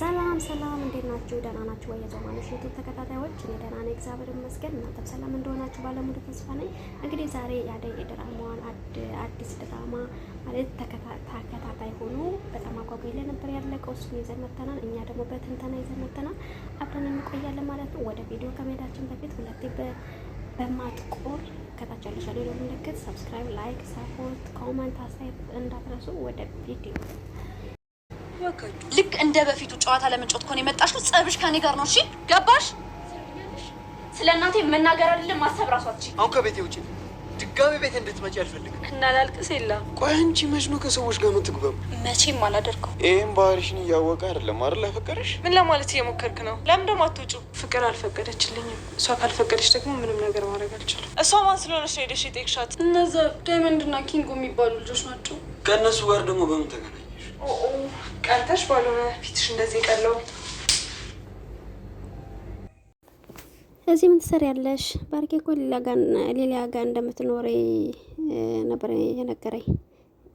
ሰላም ሰላም፣ እንዴት ናችሁ? ደህና ናችሁ ወይ? የዘማኖች ዩቱብ ተከታታዮች፣ እኔ ደህና ነኝ፣ እግዚአብሔር ይመስገን። እናንተም ሰላም እንደሆናችሁ ባለሙሉ ተስፋ ነኝ። እንግዲህ ዛሬ የአደይ ድራማዋን አዲስ ድራማ ማለት ተከታታይ ሆኖ በጣም አጓጓይ ለነበር ነበር ያለቀው። እሱን ይዘን እኛ ደግሞ በትንተና ይዘን አብረን እንቆያለን ማለት ነው። ወደ ቪዲዮ ከመሄዳችን በፊት ሁለቴ በማጥቆር ከታች ያለሻ ምልክት ሰብስክራይብ፣ ላይክ፣ ሰፖርት፣ ኮመንት፣ አስተያየት እንዳትረሱ። ወደ ቪዲዮ ልክ እንደ በፊቱ ጨዋታ ለመጫወት ከሆነ የመጣሽው ጸብሽ ከኔ ጋር ነው። እሺ ገባሽ? ስለ እናቴ መናገር አይደለም ማሰብ ራሷች። አሁን ከቤቴ ውጭ ድጋሚ ቤት እንድትመጪ አልፈልግም። እና ላልቅስ የለ። ቆይ አንቺ መች ነው ከሰዎች ጋር የምትግባቡ? መቼም አላደርገው። ይህም ባህሪሽን እያወቀ አይደለም አይደል ያፈቀረሽ? ምን ለማለት እየሞከርክ ነው? ለምን ደግሞ አትውጪው? ፍቅር አልፈቀደችልኝም። እሷ ካልፈቀደች ደግሞ ምንም ነገር ማድረግ አልችልም። እሷ ማን ስለሆነች ነው ሄደሽ የጤቅሻት? እነዛ ዳይመንድና ኪንጎ የሚባሉ ልጆች ናቸው። ከእነሱ ጋር ደግሞ በምን ተገናኘ? ቀንተሽ ባልሆነ ፊትሽ እንደዚህ ቀለው። እዚህ ምን ትሰሪያለሽ? ባርኬ እኮ ሌላ ጋ እንደምትኖሪ ነበር የነገረኝ።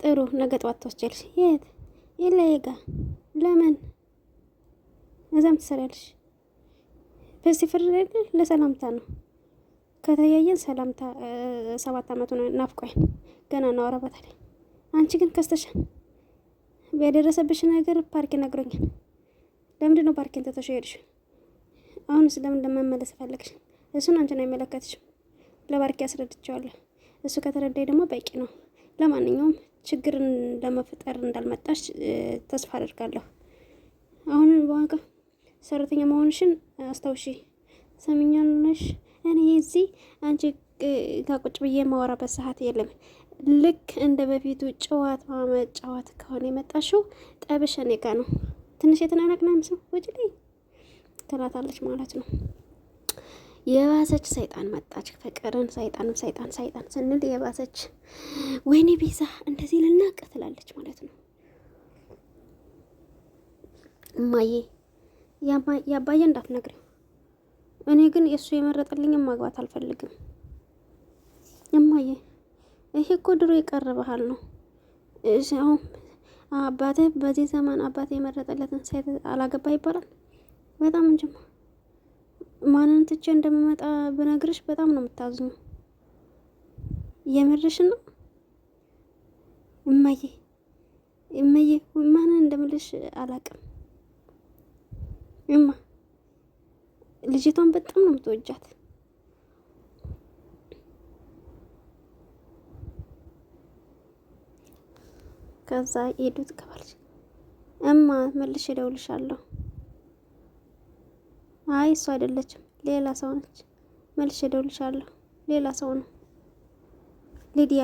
ጥሩ ነገ ጠዋት ተወስጃለሽ። የት የለየ ጋ ለምን እዛ ምን ትሰሪያለሽ? በዚህ ፍርድ ለሰላምታ ነው። ከተያየን ሰላምታ ሰባት አመቱ ናፍቆኝ ገና እናወራበታለን። አንቺ ግን ከስተሻል ያደረሰብሽ ነገር ፓርክ ነግሮኛል። ለምንድን ነው ፓርኬን ተተሽ ሄድሽ? አሁንስ ለምን ለመመለስ ፈለግሽ? እሱን አንቺን አይመለከትሽም። ለባርክ ያስረድቸዋለሁ። እሱ ከተረዳይ ደግሞ በቂ ነው። ለማንኛውም ችግርን ለመፍጠር እንዳልመጣሽ ተስፋ አደርጋለሁ። አሁን በዋጋ ሰራተኛ መሆንሽን አስታውሺ። ነሽ? እኔ እዚህ አንቺ ጋ ቁጭ ብዬ ማወራበት ሰዓት የለም። ልክ እንደ በፊቱ ጨዋታ መጫወት ከሆነ የመጣሽው ጠብሸን ጋ ነው ትንሽ የተናነቅና ምስል ውጭ ላይ ትላታለች ማለት ነው። የባሰች ሰይጣን መጣች። ፍቅርን ሰይጣንም ሰይጣን ሰይጣን ስንል የባሰች ወይኔ ቤዛ እንደዚህ ልናቅ ትላለች ማለት ነው። እማዬ የአባዬ እንዳትነግሪው፣ እኔ ግን የእሱ የመረጠልኝም ማግባት አልፈልግም እማዬ ይሄ እኮ ድሮ የቀረ ባህል ነው። አሁን አባቴ በዚህ ዘመን አባቴ የመረጠለትን ሴት አላገባ ይባላል። በጣም እንጂ ማንን ትቼ እንደምመጣ ብነግርሽ በጣም ነው የምታዝኙ። የምርሽ ነው እማዬ እማዬ ማንን እንደምልሽ አላቅም። እማ ልጅቷን በጣም ነው የምትወጃት። ከዛ ኢዱ ትገባለች። እማ መልሽ እደውልልሻለሁ። አይ እሱ አይደለችም፣ ሌላ ሰው ነች። መልሽ እደውልልሻለሁ። ሌላ ሰው ነው። ሊዲያ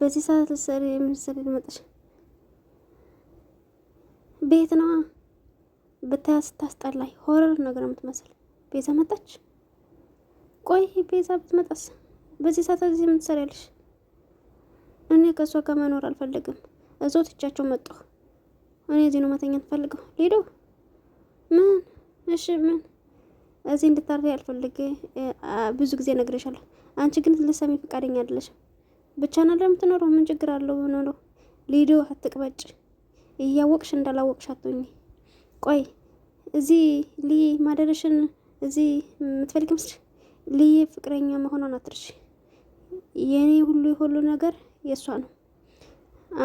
በዚህ ሰዓት ልትሰሪ የምንሰሪ ልመጣሽ ቤት ነዋ። ብታያ ስታስጠላይ ሆረር ነገር የምትመስል ቤዛ መጣች። ቆይ ቤዛ ብትመጣስ በዚህ ሰዓት እዚህ የምትሰሪያለሽ? እኔ ከእሷ ጋር መኖር አልፈልግም። እዛው ትቻቸው መጣሁ። እኔ እዚህ ነው መተኛት ፈልገው ሄዶ ምን እሺ፣ ምን እዚህ እንድታርፊ ያልፈልገ ብዙ ጊዜ ነግሬሻለሁ። አንቺ ግን ልትሰሚ ፈቃደኛ አይደለሽም። ብቻና ለምትኖረው ምን ችግር አለው? ብኖረው ሊዶ አትቅበጭ። እያወቅሽ እንዳላወቅሽ አትሆኚ። ቆይ እዚህ ሊ ማደረሽን እዚህ የምትፈልግ ምስል ፍቅረኛ መሆኗን አትርሽ። የኔ ሁሉ የሁሉ ነገር የእሷ ነው።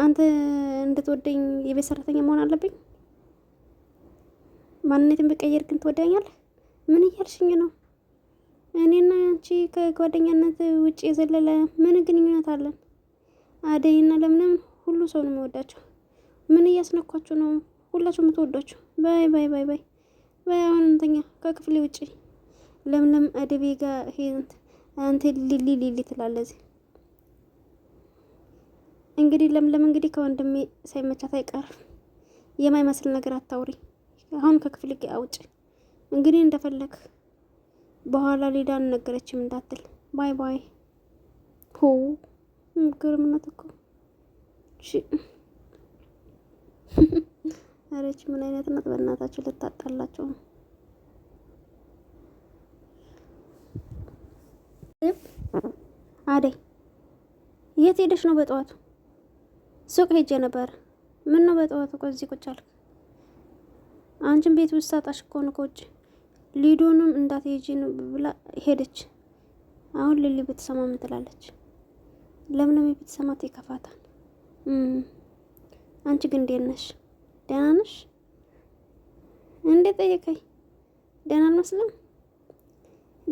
አንተ እንድትወደኝ የቤት ሰራተኛ መሆን አለብኝ? ማንነትን ብቀየር ግን ትወዳኛለህ? ምን እያልሽኝ ነው? እኔና አንቺ ከጓደኛነት ውጭ የዘለለ ምን ግንኙነት አለን? አደይና ለምለም ሁሉ ሰው ነው የሚወዳቸው። ምን እያስነኳችሁ ነው? ሁላችሁ የምትወዷችሁ። ባይ ባይ ባይ ባይ ባይ። አሁን እንተኛ ከክፍሌ ውጭ ለምለም አደቤ ጋር ሄንት አንተ ሊሊ ሊሊ ትላለህ። እንግዲህ ለምለም እንግዲህ ከወንድሜ ሳይመቻት አይቀርም። የማይመስል ነገር አታውሪ። አሁን ከክፍል አውጭ። እንግዲህ እንደፈለግ በኋላ ሌዳ አልነገረችም እንዳትል። ባይ ባይ። ሆ ግርምነት እኮ አረች። ምን አይነት ነው? በእናታችሁ ልታጣላቸው ነው። አደይ የት ሄደሽ ነው በጠዋቱ? ሱቅ ሄጀ ነበር። ምን ነው በጠዋት እኮ እዚህ ቁጭ አልክ? አንቺን ቤት ውስጥ ሳጣሽ እኮ ነው ከውጭ ሊዶንም እንዳትሄጂ ብላ ሄደች። አሁን ሊሊ ብትሰማ ምን ትላለች? ለምለም ብትሰማት ይከፋታል። አንቺ ግን እንዴት ነሽ? ደህና ነሽ? እንዴት ጠየቀኝ። ደህና አልመስልም።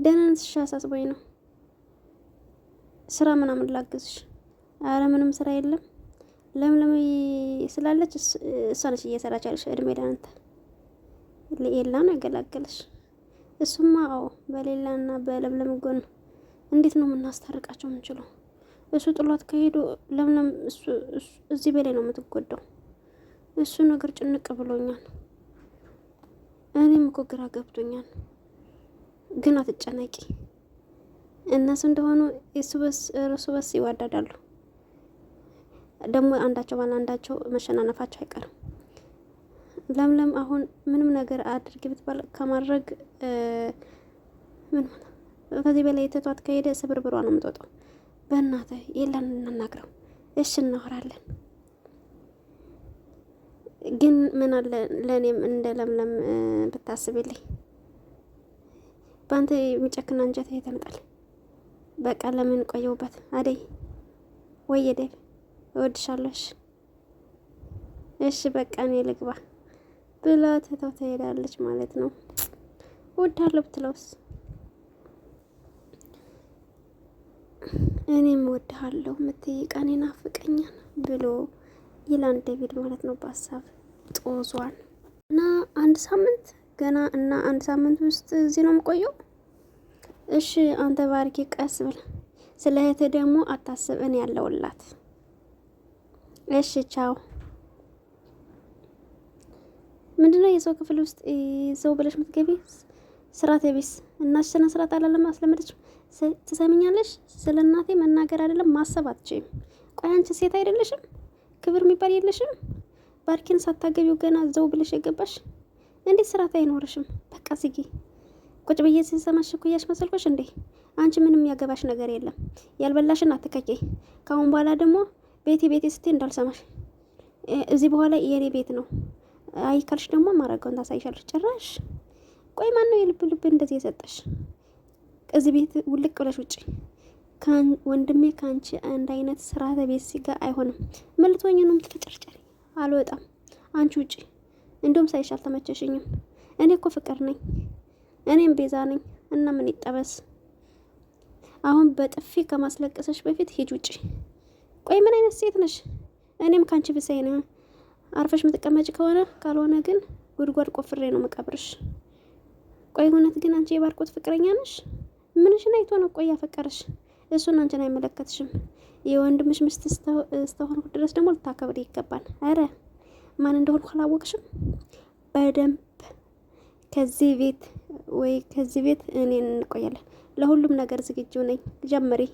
ደህና ነሽ? አሳስቦኝ ነው። ስራ ምናምን ላግዝሽ? አረ ምንም ስራ የለም ለምለም ስላለች እሷ ነች እየሰራች ያለች። እድሜ ዳንተ ነው አገላገለች። እሱማ አዎ፣ በሌላና በለምለም ጎን እንዴት ነው የምናስታርቃቸው የምንችለው? እሱ ጥሏት ከሄዱ ለምለም እዚህ በላይ ነው የምትጎዳው። እሱ ነገር ጭንቅ ብሎኛል። እኔም እኮ ግራ ገብቶኛል። ግን አትጨነቂ፣ እነሱ እንደሆኑ እርስ በስ ይዋዳዳሉ። ደግሞ አንዳቸው ባለ አንዳቸው መሸናነፋቸው አይቀርም። ለምለም አሁን ምንም ነገር አድርግ ብትባል ከማድረግ ከዚህ በላይ የተቷት ከሄደ ብሯ ነው የምትወጣው። በእናተ የለን እናናግረው። እሽ እናወራለን፣ ግን ምን አለ ለእኔም እንደ ለምለም ብታስብልኝ። በአንተ የሚጨክና እንጀት የተምጣል። በቃ ለምን ቆየውበት አደይ ወይ የደብ እወድሻለሽ። እሺ በቃ እኔ ልግባ ብላ ትታው ትሄዳለች ማለት ነው። እወድሃለሁ ብትለውስ? እኔም እወድሃለሁ የምትይ ናፍቀኛል ብሎ ይላን ዴቪድ ማለት ነው። በሀሳብ ጦዟል እና አንድ ሳምንት ገና እና አንድ ሳምንት ውስጥ እዚህ ነው የምቆየው። እሺ አንተ ባርኪ፣ ቀስ ብለህ ስለ እህትህ ደግሞ አታስብ፣ እኔ ያለውላት እሺ ቻው። ምንድነው የሰው ክፍል ውስጥ ይዘው ብለሽ ምትገቢ? ስርዓት ቢስ እናትሽ ስነ ስርዓት አላለም አስለመደች። ትሰሚኛለሽ? ስለ እናቴ መናገር አይደለም ማሰብ አትችይም። ቆይ አንቺ ሴት አይደለሽም? ክብር የሚባል የለሽም? ባርኪን ሳታገቢው ገና ዘው ብለሽ የገባሽ እንዴት ስርዓት አይኖርሽም? በቃ ዝጊ። ቁጭ ብዬ ስሰማሽ ኩያሽ መሰልኮሽ እንዴ? አንቺ ምንም ያገባሽ ነገር የለም። ያልበላሽን አትከኪ። ከአሁን በኋላ ደግሞ ቤቴ ቤቴ ስትይ እንዳልሰማሽ እዚህ በኋላ የኔ ቤት ነው አይካልሽ ደግሞ ማረገውን ታሳይሻለሽ። ጭራሽ ቆይ ማን ነው የልብ ልብ እንደዚህ የሰጠሽ? እዚህ ቤት ውልቅ ብለሽ ውጭ። ወንድሜ ከአንቺ አንድ አይነት ስርዓተ ቤት ሲጋ አይሆንም። መልሶኝ ነው የምትፈጨርጨሪ። አልወጣም። አንቺ ውጪ። እንደውም ሳይሽ አልተመቸሽኝም። እኔ እኮ ፍቅር ነኝ፣ እኔም ቤዛ ነኝ። እና ምን ይጠበስ አሁን በጥፊ ከማስለቀሰሽ በፊት ሂጅ ውጪ። ቆይ ምን አይነት ሴት ነሽ? እኔም ካንቺ ብሳይ ነው አርፈሽ የምትቀመጭ ከሆነ ካልሆነ ግን ጉድጓድ ቆፍሬ ነው መቀብርሽ ቆይ እውነት ግን አንቺ የባርኮት ፍቅረኛ ነሽ? ምንሽን አይቶ ነው ቆይ ያፈቀረሽ? እሱን አንቺን አይመለከትሽም። የወንድምሽ ምስት እስተሆንኩ ድረስ ደግሞ ልታከብር ይገባል። አረ ማን እንደሆንኩ አላወቅሽም በደንብ ከዚህ ቤት ወይ ከዚህ ቤት እኔ እንቆያለን። ለሁሉም ነገር ዝግጁ ነኝ። ጀምሪ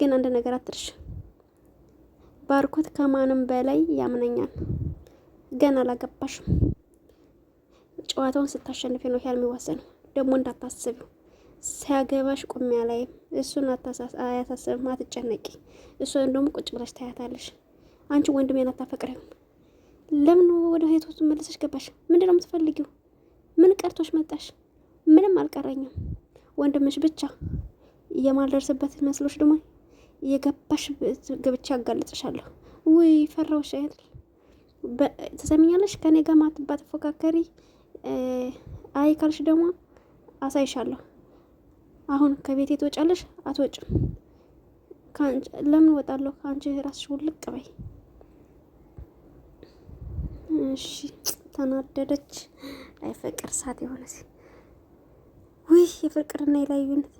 ግን አንድ ነገር አትርሽ። ባርኮት ከማንም በላይ ያምነኛል። ገና አላገባሽም። ጨዋታውን ስታሸንፊ ነው ያል የሚወሰነው። ደግሞ እንዳታስቢው ሲያገባሽ ቁሚያ ላይ እሱን አያሳስብም። አትጨነቂ። እሱን ደግሞ ቁጭ ብለሽ ታያታለሽ። አንቺ ወንድሜን አታፈቅሪም። ለምን ወደ ህይወቱ መለሰሽ ገባሽ? ምንድን ነው የምትፈልጊው? ምን ቀርቶሽ መጣሽ? ምንም አልቀረኝም። ወንድምሽ ብቻ የማልደርስበት መስሎች ደግሞ የገባሽ ገብቼ አጋለጥሻለሁ። ውይ ፈራውሽ አይደል? ትሰሚኛለሽ? ከኔ ጋር ማትባት ፎካከሪ። አይ ካልሽ ደግሞ አሳይሻለሁ። አሁን ከቤቴ ትወጫለሽ አትወጭም? ለምን ወጣለሁ? ከአንቺ ራስሽ ውልቅ በይ። እሺ ተናደደች። አይ ፍቅር ሳት የሆነ ውይ የፍቅርና የላዩነት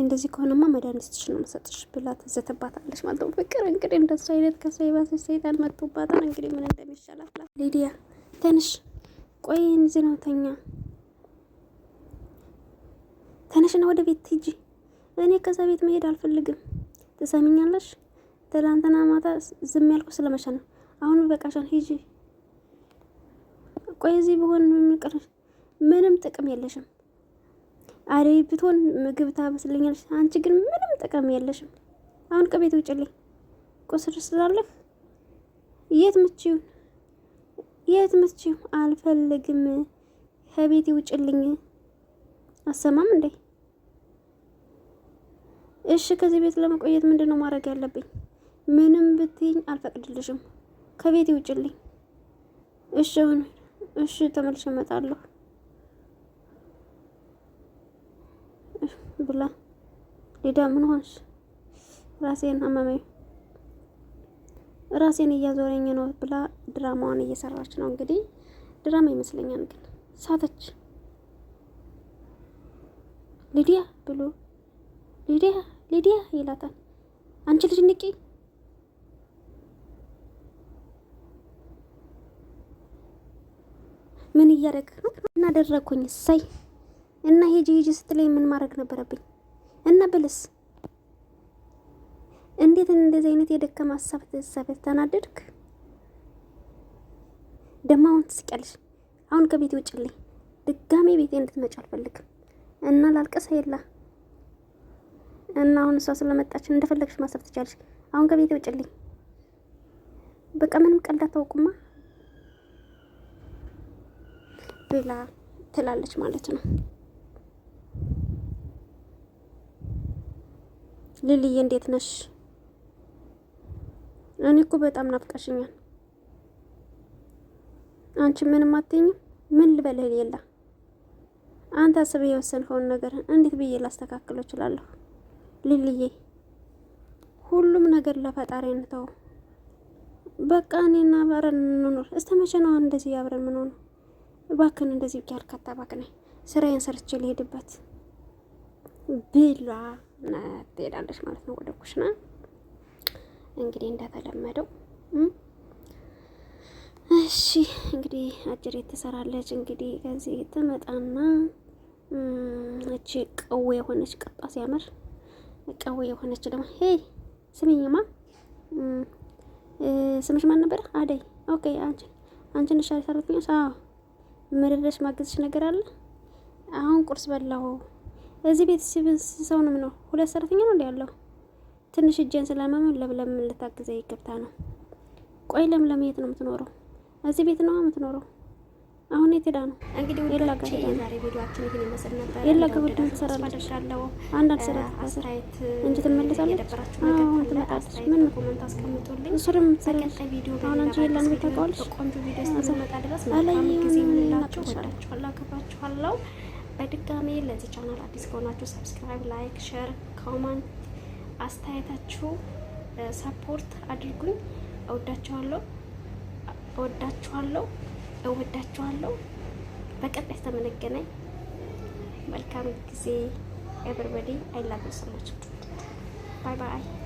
እንደዚህ ከሆነማ መድኃኒትሽ ነው መሰጥሽ ብላ ትዘትባታለች ማለት ነው። ፍቅር እንግዲህ እንደሱ አይነት ከሰይባሰ ሰይጣን መጥቶባታል። እንግዲህ ምን እንደሚሻላት ሊዲያ ትንሽ ቆይ እዚህ ነው ተኛ፣ ተነሽና ወደ ቤት ትጂ። እኔ ከዛ ቤት መሄድ አልፈልግም። ትሰሚኛለሽ? ትላንትና ማታ ዝም ያልኩ ስለመሸ ነው። አሁን በቃሻን ሂጂ። ቆይ እዚህ ብሆን ምንም ጥቅም የለሽም። አሬ ብትሆን ምግብ ታበስለኛለች። አንቺ ግን ምንም ጥቅም የለሽም። አሁን ከቤት ውጭልኝ። ቁስር ስላለህ የት ምችው የት ምችው አልፈልግም። ከቤቴ ውጭልኝ። አሰማም እንዴ? እሺ፣ ከዚህ ቤት ለመቆየት ምንድን ነው ማድረግ ያለብኝ? ምንም ብትኝ አልፈቅድልሽም። ከቤቴ ውጭልኝ። እሺ፣ ሁን። እሺ፣ ተመልሼ እመጣለሁ። ብላ ሊዳ ምን ሆንሽ? ራሴን አመመኝ፣ ራሴን እያዞረኝ ነው ብላ ድራማዋን እየሰራች ነው። እንግዲህ ድራማ ይመስለኛል፣ ግን ሳተች። ሊዲያ ብሎ ሊዲያ ሊዲያ ይላታል። አንቺ ልጅ ንቂ፣ ምን እያደረግህ ነው? እናደረግኩኝ እሰይ እና ሂጂ ሂጂ ስትለኝ ምን ማድረግ ነበረብኝ? እና ብልስ እንዴት እንደዚህ አይነት የደከመ ሀሳብ ተሰበ ተናደድክ? ደግሞ አሁን ትስቂያለሽ። አሁን ከቤት ውጭልኝ። ድጋሜ ቤቴ እንድትመጪ አልፈልግም። እና ላልቀሰ የላ እና አሁን እሷ ስለመጣች እንደፈለግሽ ማሰብ ትቻለሽ። አሁን ከቤቴ ውጭልኝ። በቃ ምንም ቀልድ አታውቁማ ብላ ትላለች ማለት ነው። ልልዬ እንዴት ነሽ? እኔ እኮ በጣም ናፍቀሽኛል። አንቺ ምንም አትይኝም? ምን ልበልህ ሌላ? አንተ አስበህ የወሰንከውን ነገር እንዴት ብዬ ላስተካክለው እችላለሁ? ልልዬ ሁሉም ነገር ለፈጣሪ እንተው። በቃ እኔና አብረን እንኖር። እስከ መቼ ነው እንደዚህ አብረን ምን ሆነው? እባክን እንደዚህ ብቻ አልካታ። እባክህ ነይ ስራዬን ሰርቼ ልሄድበት ብላ ትሄዳለች ማለት ነው ወደ ኩሽና። እንግዲህ እንደተለመደው እሺ፣ እንግዲህ አጅሬ ትሰራለች። እንግዲህ ከዚህ ትመጣና እቺ ቀዌ የሆነች ቀጣ ሲያምር ቀዌ የሆነች ደግሞ ሄይ ስሚኝማ፣ ስምሽ ማን ነበር? አደይ። ኦኬ፣ አንቺ አንቺ ነሽ አይሰራልኝ? አዎ፣ ምድረሽ ማገዝሽ ነገር አለ። አሁን ቁርስ በላሁ እዚህ ቤት ሰውንም ነው ሁለት ሰራተኛ ነው ያለው። ትንሽ እጄን ስለመመን ለምለም ልታግዘ ይገብታ ነው። ቆይ ለምለም የት ነው የምትኖረው? እዚህ ቤት ነው የምትኖረው? አሁን የት ሄዳ ነው? እንግዲህ ወደ ትሰራለች። አንዳንድ ስራ አስተያየት እንጂ ትመለሳለች። ትመጣለች። ምን ኮመንት አስቀምጡልኝ። ትሰራለች። አሁን አንቺ የላን ቤት ታውቃዋለች። ቆንጆ ቪዲዮ ወዳችኋለሁ፣ አከብራችኋለሁ። በድጋሚ ለዚህ ቻናል አዲስ ከሆናችሁ ሰብስክራይብ፣ ላይክ፣ ሸር፣ ኮመንት አስተያየታችሁ ሰፖርት አድርጉኝ። እወዳችኋለሁ እወዳችኋለሁ እወዳችኋለሁ። በቀጣይ ተመነገናኝ። መልካም ጊዜ ኤቨሪባዲ። አይ ላቭ ዩ ሶ ማች። ባይ ባይ።